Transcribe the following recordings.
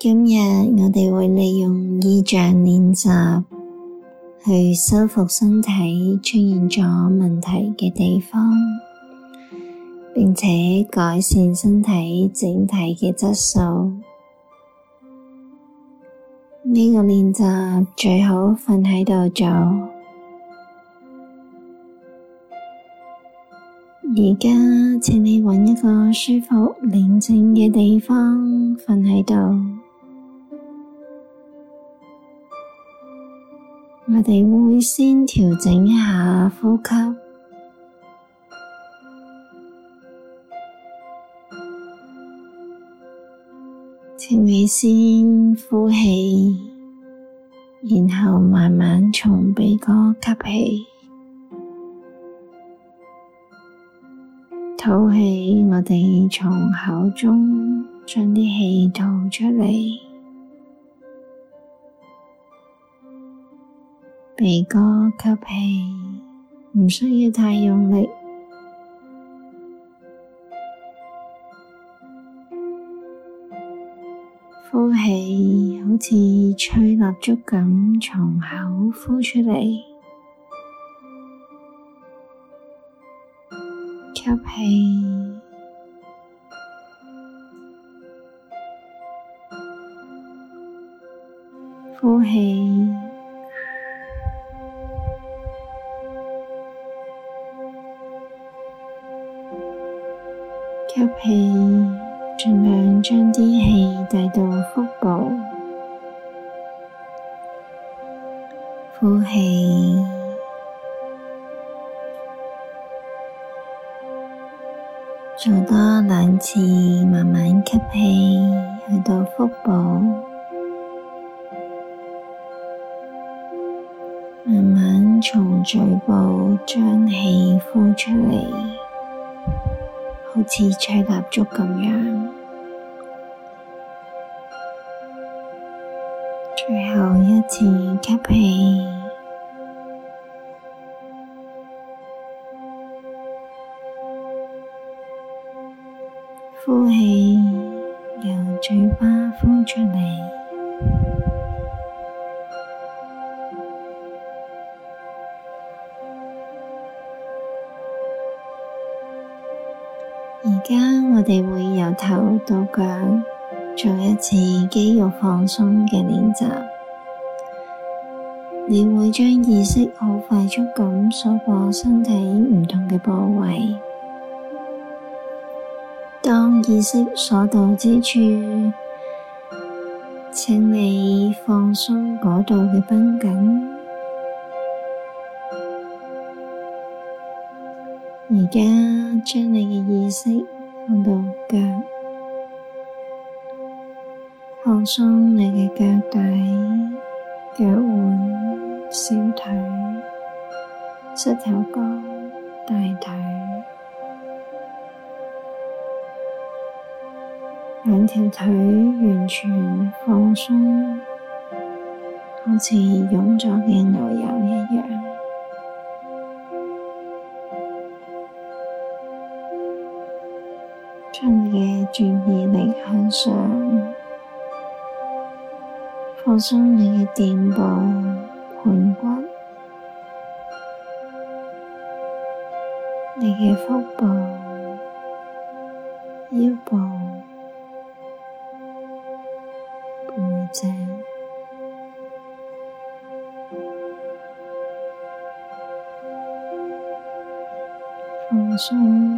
今日我哋會利用意象練習，去修復身體出現咗問題嘅地方，並且改善身體整體嘅質素。呢個練習最好瞓喺度做。而家請你揾一個舒服、寧靜嘅地方瞓喺度。我哋會先調整一下呼吸，請你先呼氣，然後慢慢從鼻哥吸氣，吐氣。我哋從口中將啲氣吐出嚟。鼻哥吸氣，唔需要太用力。呼氣，好似吹蠟燭咁，從口呼出嚟。吸氣，呼氣。吸氣，盡量將啲氣帶到腹部。呼氣，做多兩次，慢慢吸氣去到腹部，慢慢從嘴部將氣呼出嚟。好似吹蠟燭咁樣，最後一次吸氣，呼氣由嘴巴呼出嚟。而家我哋會由頭到腳做一次肌肉放鬆嘅練習，你會將意識好快速咁掃過身體唔同嘅部位。當意識所到之處，請你放鬆嗰度嘅繃緊。而家將你嘅意識。放到腳，放鬆你嘅腳底、腳腕、小腿、膝頭哥、大腿，兩條腿完全放鬆，好似融咗嘅牛油一樣。轉意力向上，放鬆你嘅肩部、盤骨、你嘅腹部、腰部、背脊，放鬆。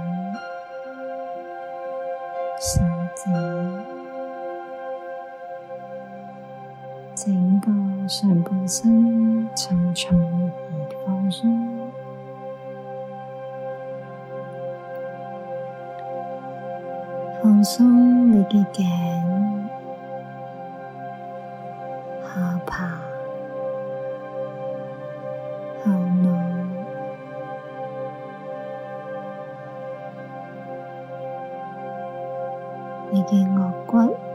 身沉重，重而放鬆，放鬆你嘅頸、下巴、後腦、你嘅顎骨。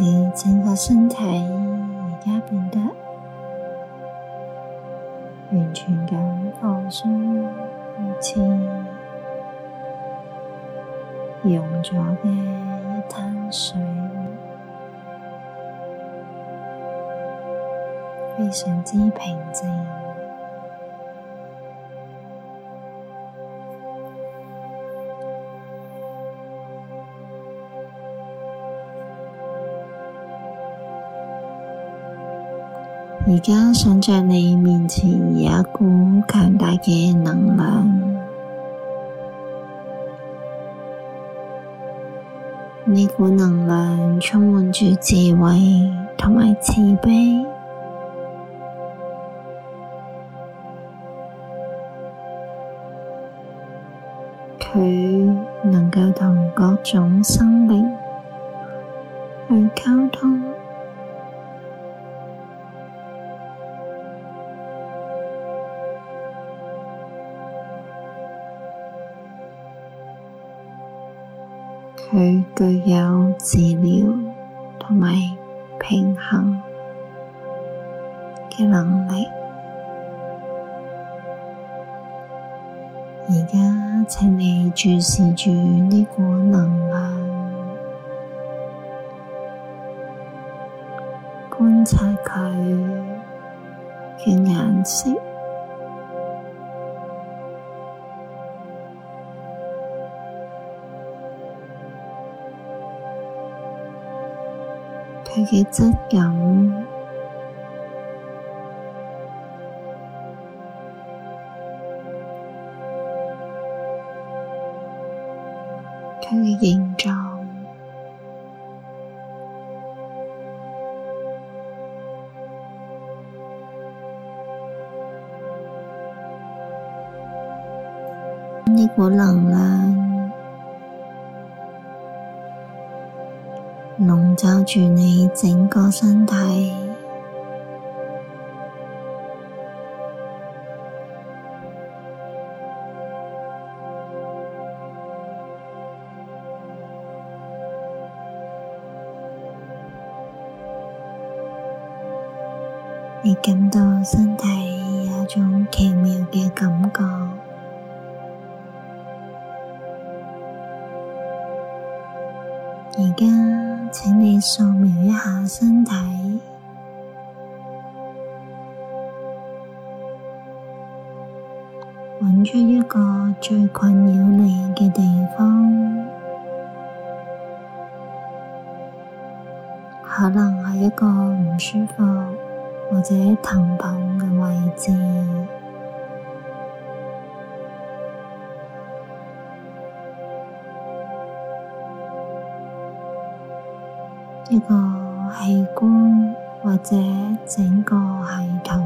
你整個身體而家變得完全咁放鬆，好似溶咗嘅一灘水，非常之平靜。而家想像你面前有一股強大嘅能量，呢股能量充滿住智慧同埋慈悲，佢能夠同各種生靈去溝通。佢具有治療同埋平衡嘅能力。而家請你注視住呢股能量，觀察佢嘅顏色。佢嘅質感。住你整個身體，你感到身體有一種奇妙嘅感覺，而家。掃描一下身體，揾出一個最困擾你嘅地方，可能係一個唔舒服或者疼痛嘅位置。一個器官或者整個系統，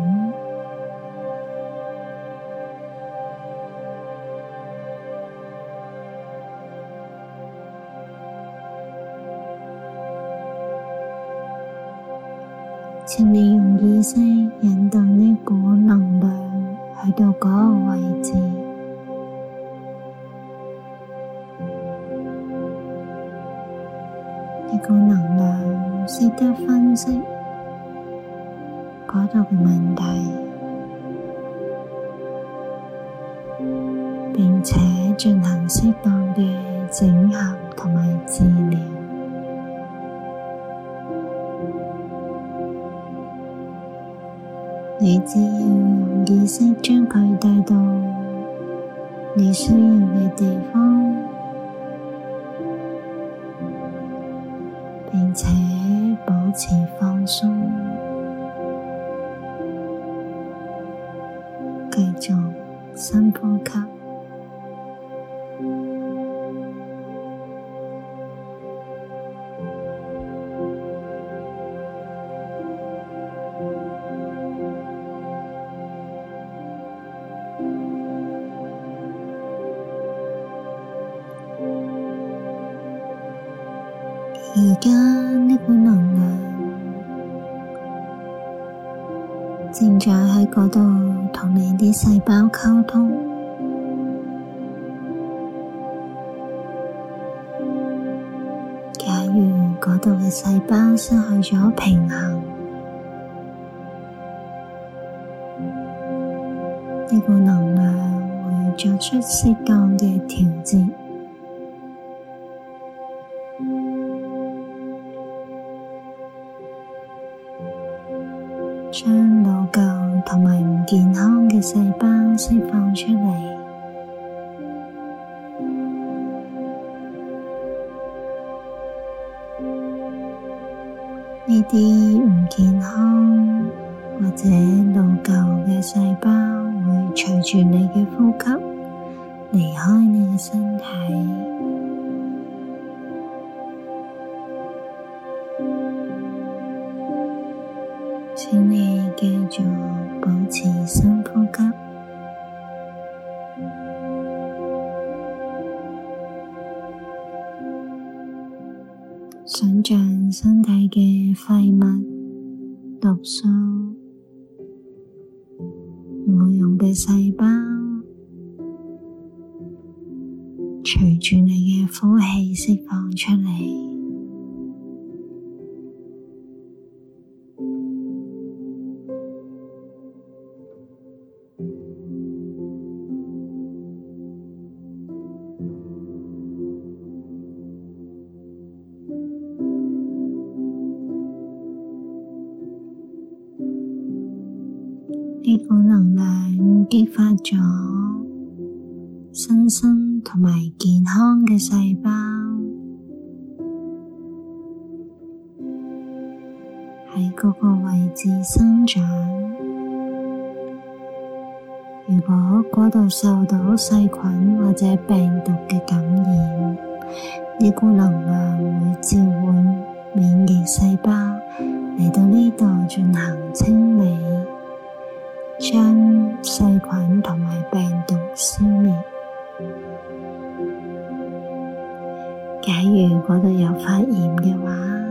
請你用意識引導呢股能量去到嗰個位置，識得分析度嘅問題，並且進行適當嘅整合同埋治療。你只要用意識將佢帶到你需要嘅地方，並且。請放鬆，繼續深呼吸。呢個能量會作出適當嘅調節，將老舊同埋唔健康嘅細胞釋放出嚟。呢啲想象身體嘅廢物、毒素、冇用嘅細胞，隨住你嘅呼氣釋放出嚟。生長，如果嗰度受到細菌或者病毒嘅感染，呢股能量會召喚免疫細胞嚟到呢度進行清理，將細菌同埋病毒消滅。假如嗰度有發炎嘅話。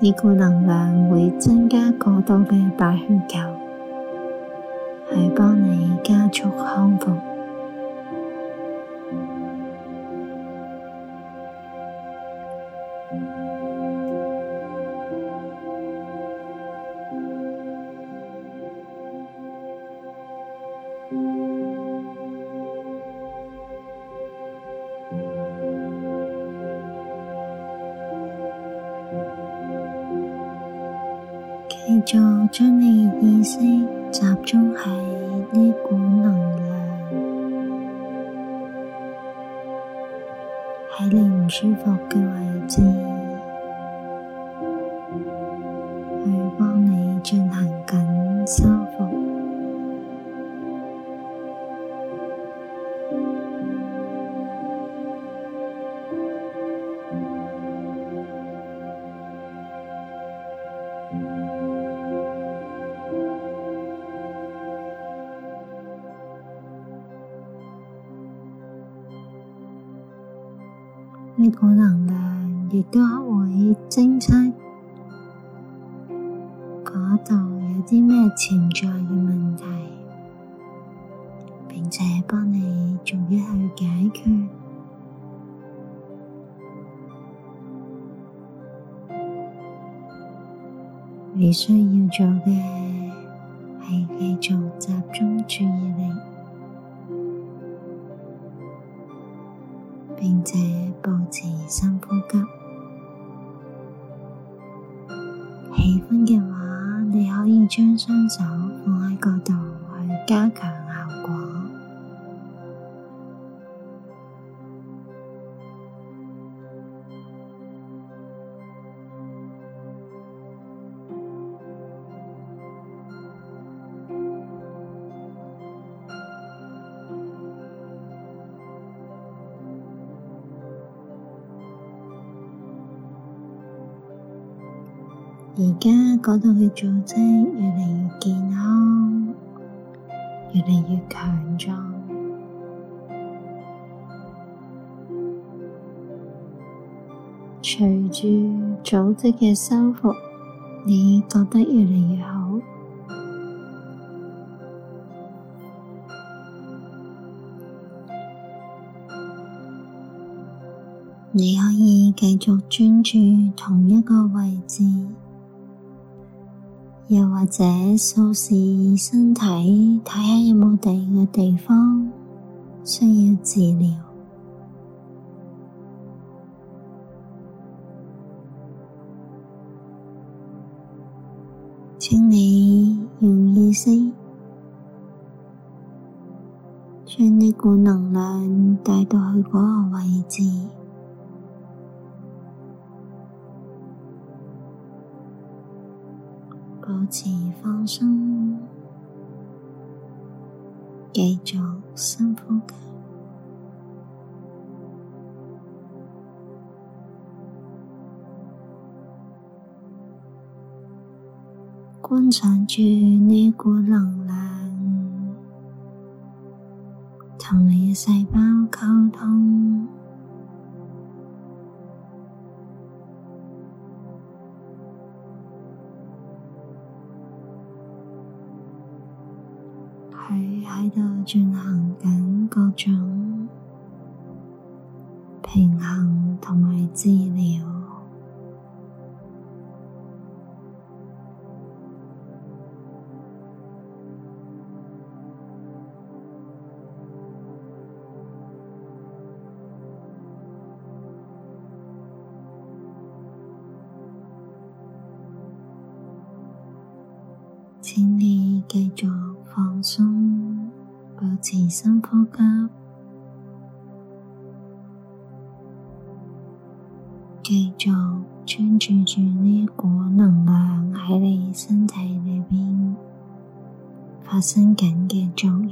呢股能量會增加過多嘅白血球，係幫你加速康復。就將你意識集中喺呢股能量，喺你唔舒服嘅位置，度有啲咩潛在嘅問題，並且幫你逐一去解決。你需要做嘅係繼續集中注意力，並且保持深呼吸，喜歡嘅話。可以將雙手放喺個度去加強。而家嗰度嘅組織越嚟越健康，越嚟越強壯。隨住組織嘅修復，你覺得越嚟越好，你可以繼續專注同一個位置。又或者掃視身體，睇下有冇第二個地方需要治療。請你用意識，將呢股能量帶到去嗰個位置。保持放鬆，記住深呼吸，觀察住呢股能量同你嘅細胞溝通。佢喺度進行緊各種平衡同埋治療。深呼吸，繼續專注住呢一股能量喺你身體裏邊發生緊嘅作用。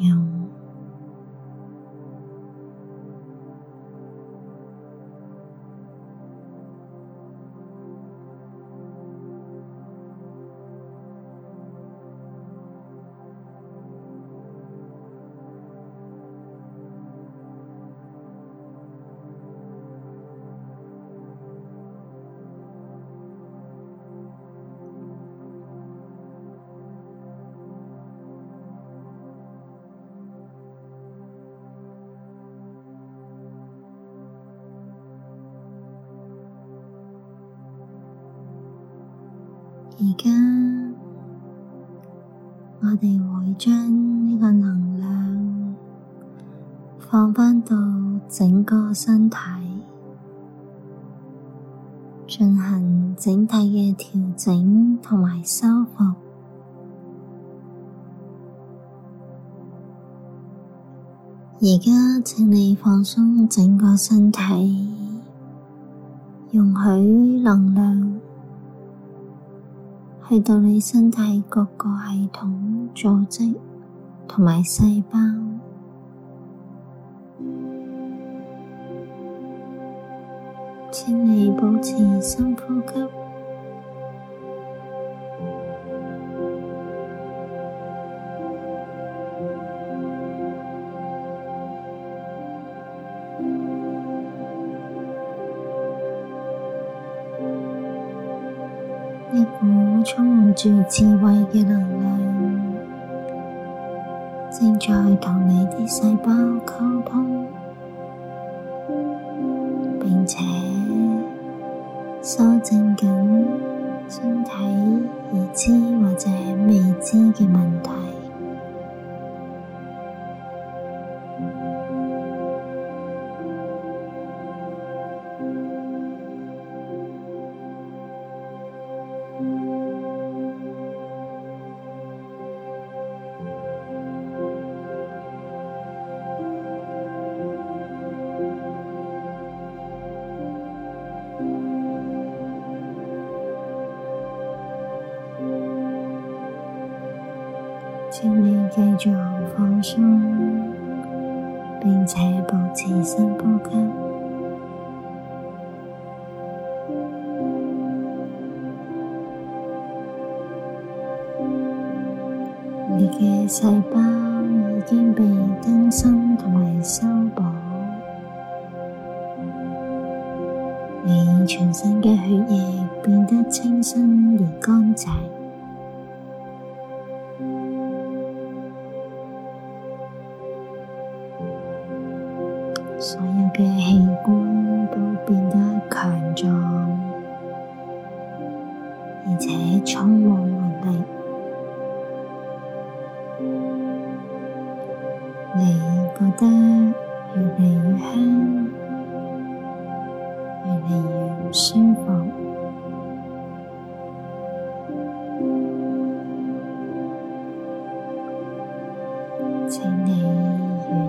而家我哋會將呢個能量放返到整個身體，進行整體嘅調整同埋修復。而家請你放鬆整個身體，容許能量。去到你身體各個系統、組織同埋細胞，請你保持深呼吸。最智慧嘅能量，正在同你啲細胞溝通，並且修正緊身體已知或者未知嘅問題。你嘅細胞已經被更新同埋修補，你全身嘅血液變得清新而乾淨。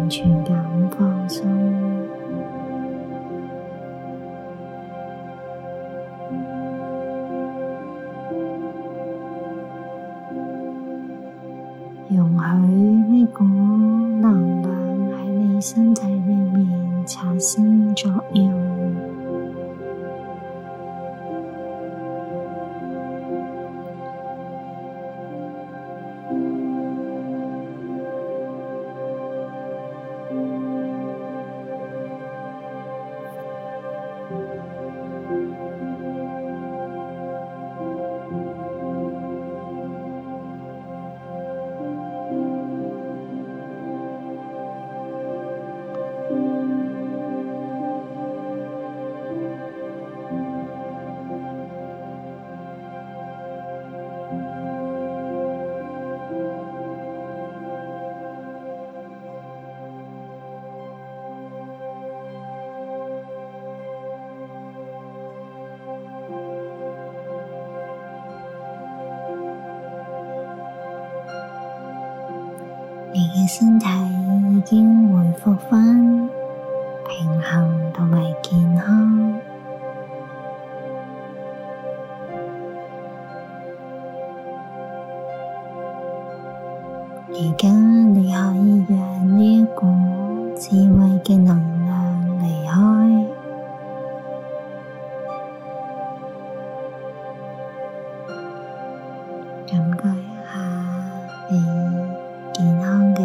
完全咁放鬆。 身體已經恢復翻。